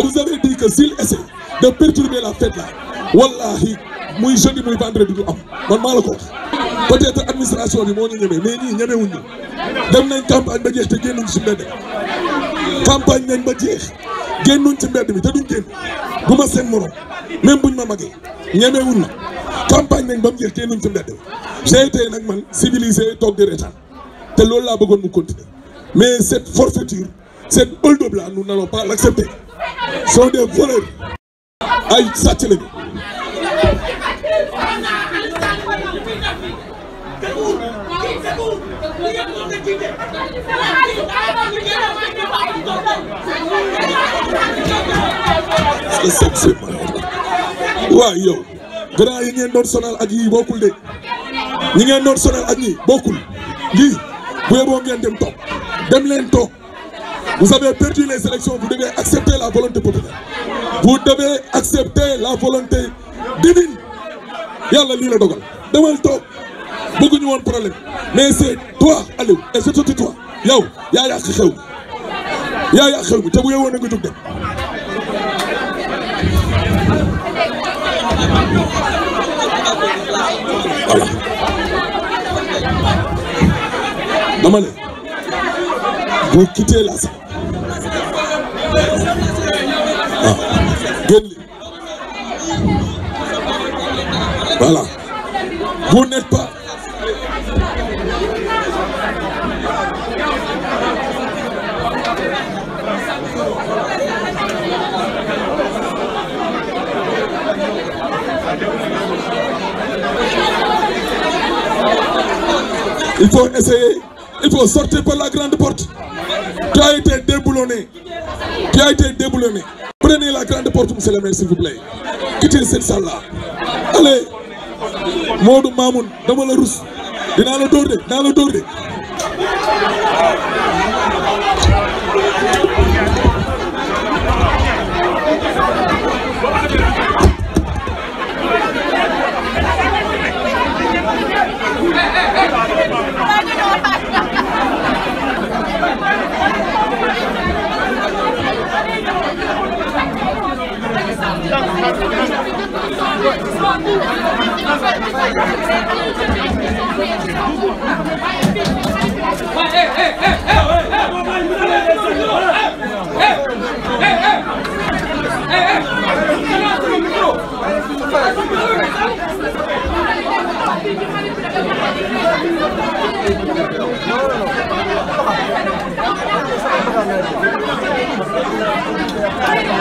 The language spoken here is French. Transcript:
Je vous avais dit que s'il essaie de perturber la fête là, wallahi, muy jeudi muy vendredi du am man maa la ko peut-être administration bi moo ñu ñemee mais ñii ñemewuñ ñu dem nañ campagne ba jeex te génnuñ ci mbedd campagne nañ ba jeex génnuñ ci mbedd bi te duñ génn du ma seen morom même buñ ma magee ñemewuñ ma campagne nañ ba mu jeex génnuñ ci mbedd bi j'ai été nag man civilisé toog de l'État. te loolu laa bëggoon mu continuer mais cette forfaiture cette hold-up là nous n'allons pas l'accepter sont des voleurs ay sàcc lañu waaw yow grand yi ngeen doon sonal ak yi bokkul de ñi ngeen doon sonal ak yi bokkul lii bu yeboo ngeen dem toog dem leen Vous avez perdu les élections, vous devez accepter la volonté populaire. Vous devez accepter la volonté divine. Yalla li la dogal. Beaucoup tok. Bëggu ñu won problème. Mais c'est toi allez, et c'est surtout toi. Yo, Yaya Y'a xew. Ya vous quittez la salle ah, voilà vous n'êtes pas il faut essayer il faut sortir par la grande porte. Tu as été déboulonné. Tu as été la grande porte, monsieur le maire, s'il vous plaît. Quittez cette salle-là. Allez. dama la rus. Dinaa la dóor de, dinaa la dóor de. No, no, no.